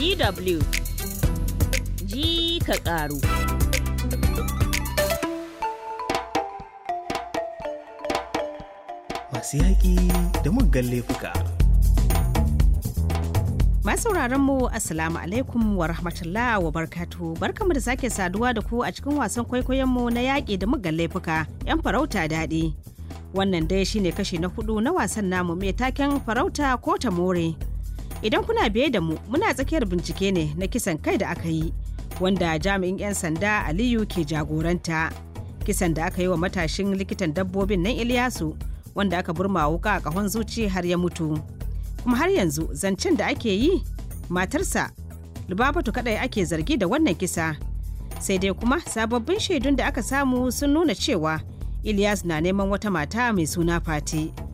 DW ji ka ƙaru. Masu yaƙi da muggan laifuka. sauraron mu Assalamu alaikum wa rahmatullah wa barkatu mu da sake saduwa da ku a cikin wasan kwaikwayon mu na yaƙi da muggan laifuka 'yan farauta daɗi. Wannan dai shine kashi na hudu na wasan namu mai taken farauta ko ta more. Idan kuna biye da mu muna tsakiyar bincike ne na kisan kai da aka yi wanda jami'in 'yan sanda Aliyu ke jagoranta. Kisan da aka yi wa matashin likitan dabbobin nan Iliyasu wanda aka burma wuka a kahon zuci har ya mutu. Kuma har yanzu zancen da ake yi matarsa Lubabatu kadai ake zargi da wannan kisa. Sai dai kuma sababbin shaidun da aka samu sun nuna cewa iliyasu na neman wata mata mai suna Fati.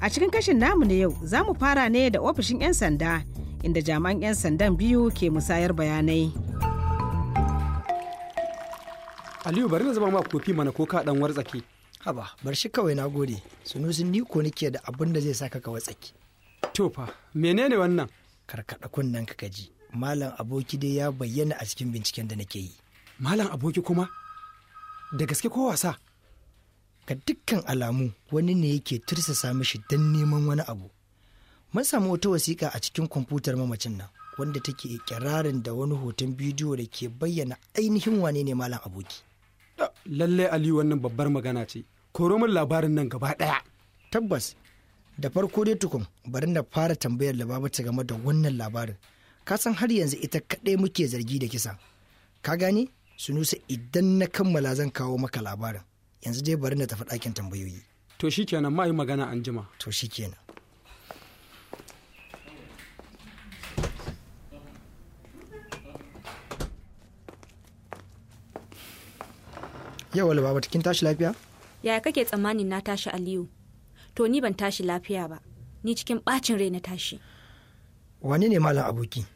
A cikin kashin namu na yau za mu fara ne da ofishin 'yan sanda inda jami'an 'yan sandan biyu ke musayar bayanai. Aliyu bari na zama ma kofi mana ko ka dan wartsake. Haba bar shi kawai na gode. Sunusi ni ko nake da abin da zai saka ka tsaki To fa menene wannan? Karkada kunnen ka kaji. Malam aboki dai ya bayyana a cikin binciken da nake yi. Malam aboki kuma? Da gaske ko wasa? ga dukkan alamu wani ne yake tirsasa mishi don neman wani abu mun samu wata wasiƙa a cikin kwamfutar mamacin nan wanda take ikirarin da wani hoton bidiyo da ke bayyana ainihin wane ne malam aboki lalle ali wannan babbar magana ce koro min labarin nan gaba ɗaya tabbas da farko dai tukun bari na fara tambayar lababata game da wannan labarin ka san har yanzu ita kaɗai muke zargi da kisa ka gane sunusa idan na kammala zan kawo maka labarin yanzu dai bari na tafi ɗakin tambayoyi to shi ma yi magana an jima to kenan. yau wale baba kin tashi lafiya yaya kake tsammanin na tashi aliyu to ni ban tashi lafiya ba ni cikin bacin rai na tashi wani ne malam aboki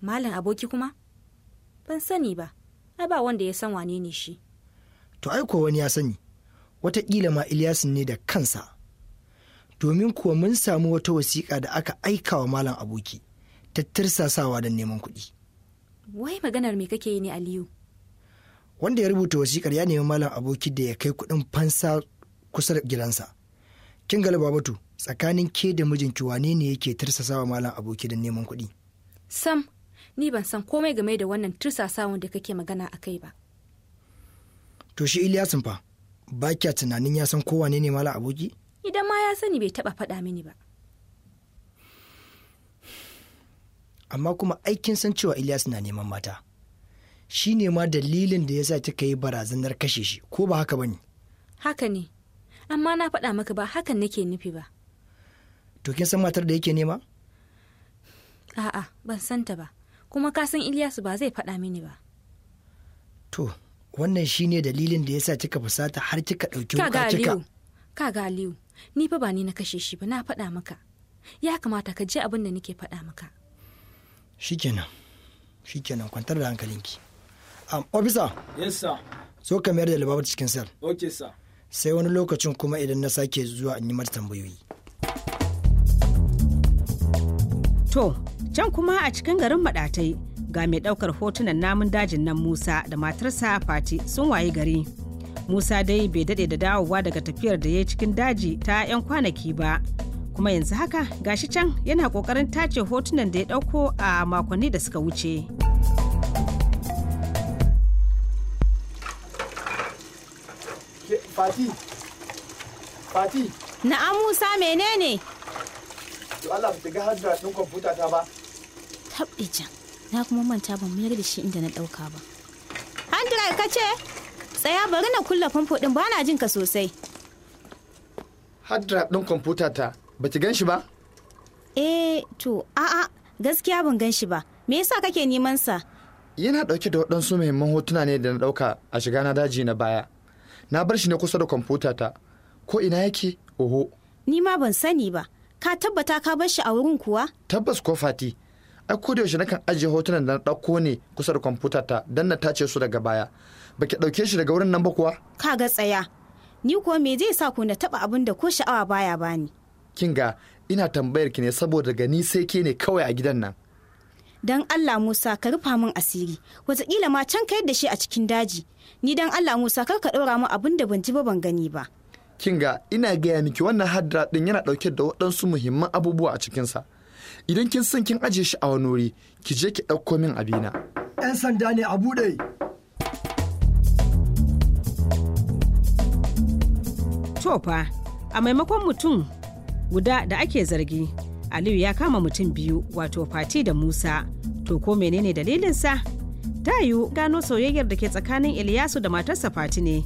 malam aboki kuma ban sani ba ai ba wanda ya san wane ne shi to ai kuwa wani ya sani watakila ma Ilyasin ne da kansa domin kuwa mun samu wata wasiƙa da aka aika wa malam aboki ta tirsasawa don neman kuɗi. Wai maganar me kake yi ne Aliyu? Wanda ya rubuta wasiƙar ya nemi malam aboki da ya kai kuɗin fansa kusa da gidansa. Kin ga Babatu tsakanin ke da mijinki wane ne yake tirsasawa malam aboki don neman kuɗi? Sam, ni ban san komai game da wannan tirsasawan da kake magana a kai ba. To shi Iliyasin fa ba kya tunanin ya san kowa ne mala aboki? Idan ma ya sani bai taɓa faɗa mini ba. Amma kuma aikin san cewa Ilyas na neman mata. Shi ne ma dalilin da ya sa ta yi barazanar kashe shi ko ba haka bane? Haka ne. Amma na faɗa maka ba hakan nake nufi ba. To kin san matar da yake nema? A'a, ban santa ba. Kuma ka san Ilyasu ba zai faɗa mini ba. To, wannan shine dalilin da ya sa kika fusata har kika ɗauki wuka kika ka ga aliyu ni fa ba ni na kashe shi ba na faɗa maka ya kamata ka je abin da nake faɗa maka shikenan shikenan kwantar da hankalinki um, officer yes sir so ka mayar da libabar cikin sir okay sir sai wani lokacin kuma idan na sake zuwa in yi mata tambayoyi to can kuma a cikin garin maɗatai ga mai ɗaukar hotunan namun dajin nan Musa da matarsa Fati sun waye gari. Musa dai bai daɗe da dawowa daga tafiyar da ya cikin daji ta 'yan kwanaki ba. Kuma yanzu haka gashi can yana kokarin tace hotunan da ya ɗauko a makonni da suka wuce. Fati, Fati. Na'am Musa menene? Allah ba ta ga hajjira ɗin kwamfuta ta ba. Taɓe na kuma manta ban mayar da shi inda na ɗauka ba. Handrive ka ce? Tsaya bari na kulla famfo ɗin ba na jin ka sosai. Hard drive ɗin kwamfuta ta ba ki gan shi ba? Eh to a'a gaskiya ban gan shi ba. Me yasa kake neman sa? Yana ɗauke da waɗansu muhimman hotuna ne da na ɗauka a shiga na daji na baya. Na bar shi ne kusa da kwamfuta ta. Ko ina yake? Oho. Ni ma ban sani ba. Ka tabbata ka bar shi a wurin kuwa? Tabbas ko Fati. ai ko da yaushe nakan ajiye hotunan da na ɗauko ne kusa da kwamfuta ta dan na tace su daga baya baki ɗauke shi daga wurin nan ba kuwa ka ga tsaya ni kuwa me zai sa ku na taɓa abin da ko sha'awa baya bani kin ga ina tambayar ki ne saboda gani sai ke ne kawai a gidan nan dan Allah Musa ka rufa min asiri wataƙila ma can ka yadda shi a cikin daji ni dan Allah Musa kar ka ɗora mu abin da ban ji ba ban gani ba Kinga, ina gaya miki wannan hadda ɗin yana ɗauke da waɗansu muhimman abubuwa a cikinsa idan kin san kin ajiye shi a wani wuri ki je ki ɗauko min abina. 'Yan sanda ne a buɗe. To fa, a maimakon mutum guda da ake zargi, Aliyu ya kama mutum biyu wato Fati da Musa. To ko menene dalilinsa? Tayu gano soyayyar da ke tsakanin Iliyasu da matarsa Fati ne.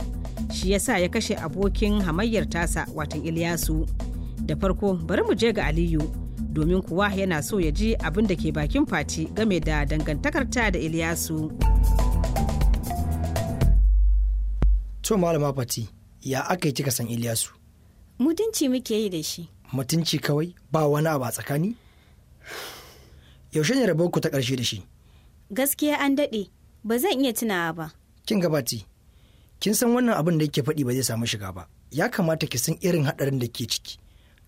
Shi ya sa ya kashe abokin hamayyar tasa watan Iliyasu. Da farko bari mu je ga Aliyu. domin kuwa yana so ya ji abin da ke bakin fati game da dangantakarta da Iliyasu. To malama fati ya aka yi kika san Iliyasu? Mutunci muke yi da shi. Mutunci kawai ba wani abu a tsakani? Yaushe ne rabon ku ta ƙarshe da shi? Gaskiya an daɗe, ba zan iya tunawa ba. Kin gabati, kin san wannan abin da yake faɗi ba zai samu shiga ba. Ya kamata ki san irin haɗarin da ke ciki.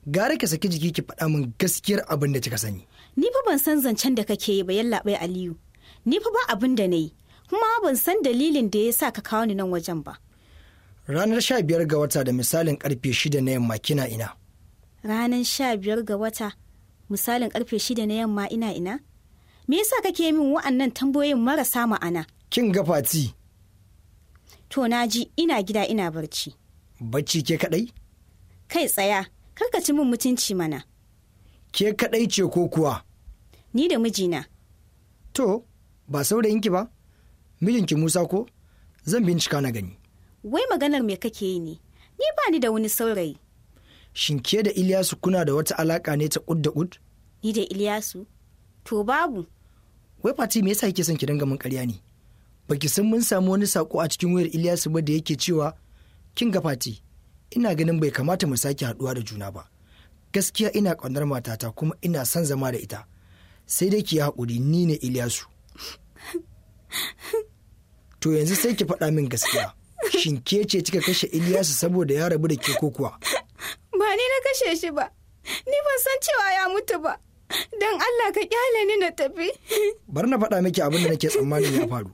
gara ki saki jiki ki faɗa min gaskiyar abin da kika sani ni fa ban san zancen da kake yi ba yalla bai aliyu ni fa ba abin da nayi kuma ban san dalilin da ya sa ka kawo ni nan wajen ba ranar sha biyar ga wata da misalin karfe shida na yamma kina ina ranar sha biyar ga wata misalin karfe shida na yamma ina ina me yasa kake min wa'annan tambayoyin marasa ma'ana kin ga fati to na ji ina gida ina barci. Bacci ke kaɗai? Kai tsaya, kar ka ci min mutunci mana. Ke kaɗai ce ko kuwa? Ni da mijina. To, ba saurayinki ba? Mijinki Musa ko? Zan bincika na gani. Wai maganar me kake yi ne? Ni ba ni da wani saurayi. Shin ke da Iliyasu kuna da wata alaƙa ne ta ƙud da ƙud? Ni da Ilyasu? To babu. Wai Fati me yasa kike son ki dinga mun ƙarya ne? Baki san mun samu wani saƙo a cikin wayar Ilyasu ba da yake cewa kin ga Fati ina ganin bai kamata mu sake haduwa da juna ba gaskiya ina ƙaunar matata kuma ina son zama da ita sai dai ki haƙuri ni ne iliyasu to yanzu sai ki faɗa min gaskiya shin ke ce kika kashe iliyasu saboda ya rabu da ke ko kuwa ba ni na kashe shi ba ni ban san cewa ya mutu ba don Allah ka kyale ni na tafi bar na faɗa miki abin da nake tsammanin ya faru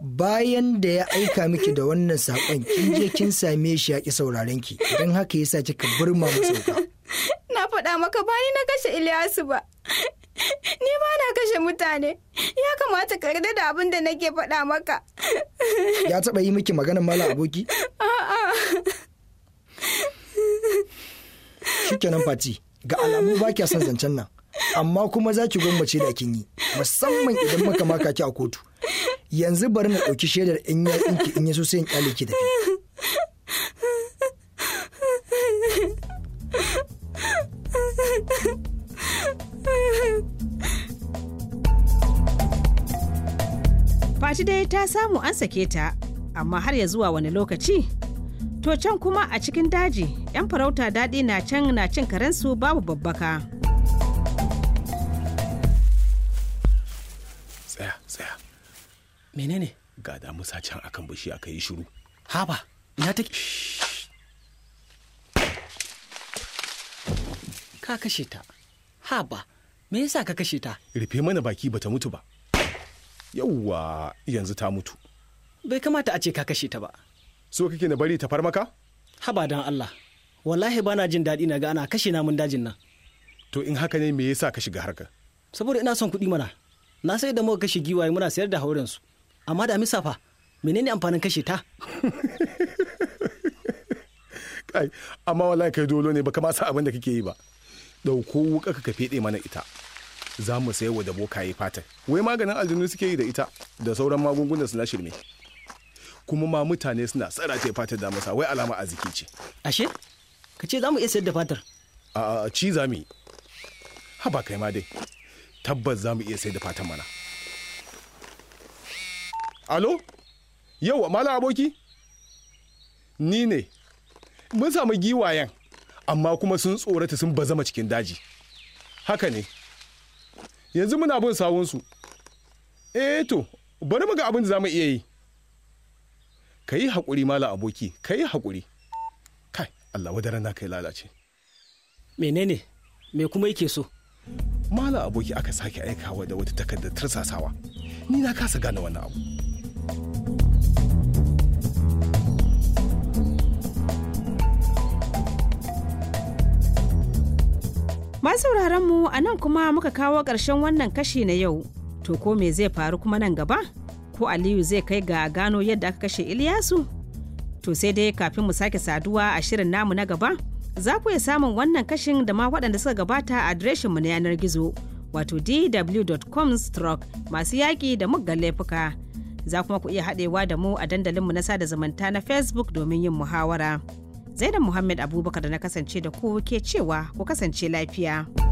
bayan da ya aika miki da wannan saƙon kin je kin same shi ya ki sauraren ki don haka yasa kika burma sauka. na faɗa maka ba ni na kashe Ilyasu ba ni ma na kashe mutane ya kamata ka da abin da nake faɗa maka ya taɓa yi miki maganar mala aboki a'a shikenan fati ga alamu ba kya son zancen nan amma kuma za ki gwammace da kin yi musamman idan muka maka ki a kotu yanzu bari na ɗauki shaidar in ya ɗinki in ya so sai in ƙyale ki tafi. Fati dai ta samu an sake ta, amma har ya zuwa wani lokaci? To can kuma a cikin daji, 'yan farauta daɗi na can na cin karensu babu babbaka. menene ga da musa can akan bishi aka yi shiru haba ina take ka kashe ta haba me yasa ka kashe ta rufe mana baki bata mutu ba yauwa yanzu ta mutu bai kamata a ce ka kashe ta ba so kake na bari ta farmaka. maka haba dan Allah wallahi bana jin daɗi na ga ana kashe namun dajin nan to in haka ne me yasa ka shiga harka saboda ina son kuɗi mana na sai da muka kashe giwaye muna sayar da hauren su amma da amisa fa menene amfanin kashe ta kai amma wallahi kai dolo ne baka ma sa abin da kake yi ba dauko wuka ka fede mana ita za mu sayo wa da yi fata wai maganin aljinu suke yi da ita da sauran magungunan su na shirme kuma ma mutane suna tsara ce fatar da masa wai alama a ziki ce ashe ka ce za mu iya sayar da fatar a ci za mu yi haba kai ma dai tabbas za mu iya sayar da fatar mana alo yau mala aboki ni ne mun samu giwayen amma kuma sun tsorata sun bazama cikin daji haka ne yanzu muna bin sawunsu eh to bari mu ga abin da za mu iya yi ka yi haƙuri mala aboki ka yi haƙuri kai allah wadaran na kai lalace menene me kuma yake so mala aboki aka sake aikawa da wata takardar tarsasawa ni na kasa gane wannan abu sauraron mu a nan kuma muka kawo ƙarshen wannan kashi na yau. To ko me zai faru kuma nan gaba? Ko Aliyu zai kai ga gano yadda aka kashe Iliyasu? To sai dai kafin mu sake saduwa a shirin namu na gaba, za ku iya samun wannan kashin da ma waɗanda suka gabata a mu na yanar gizo, wato dw.com masu yaƙi da muggan laifuka. Za kuma ku iya haɗewa da mu a dandalinmu na sada zumunta na Facebook domin yin muhawara. Zainab Muhammad Abubakar da na kasance da ku ke cewa ku kasance lafiya.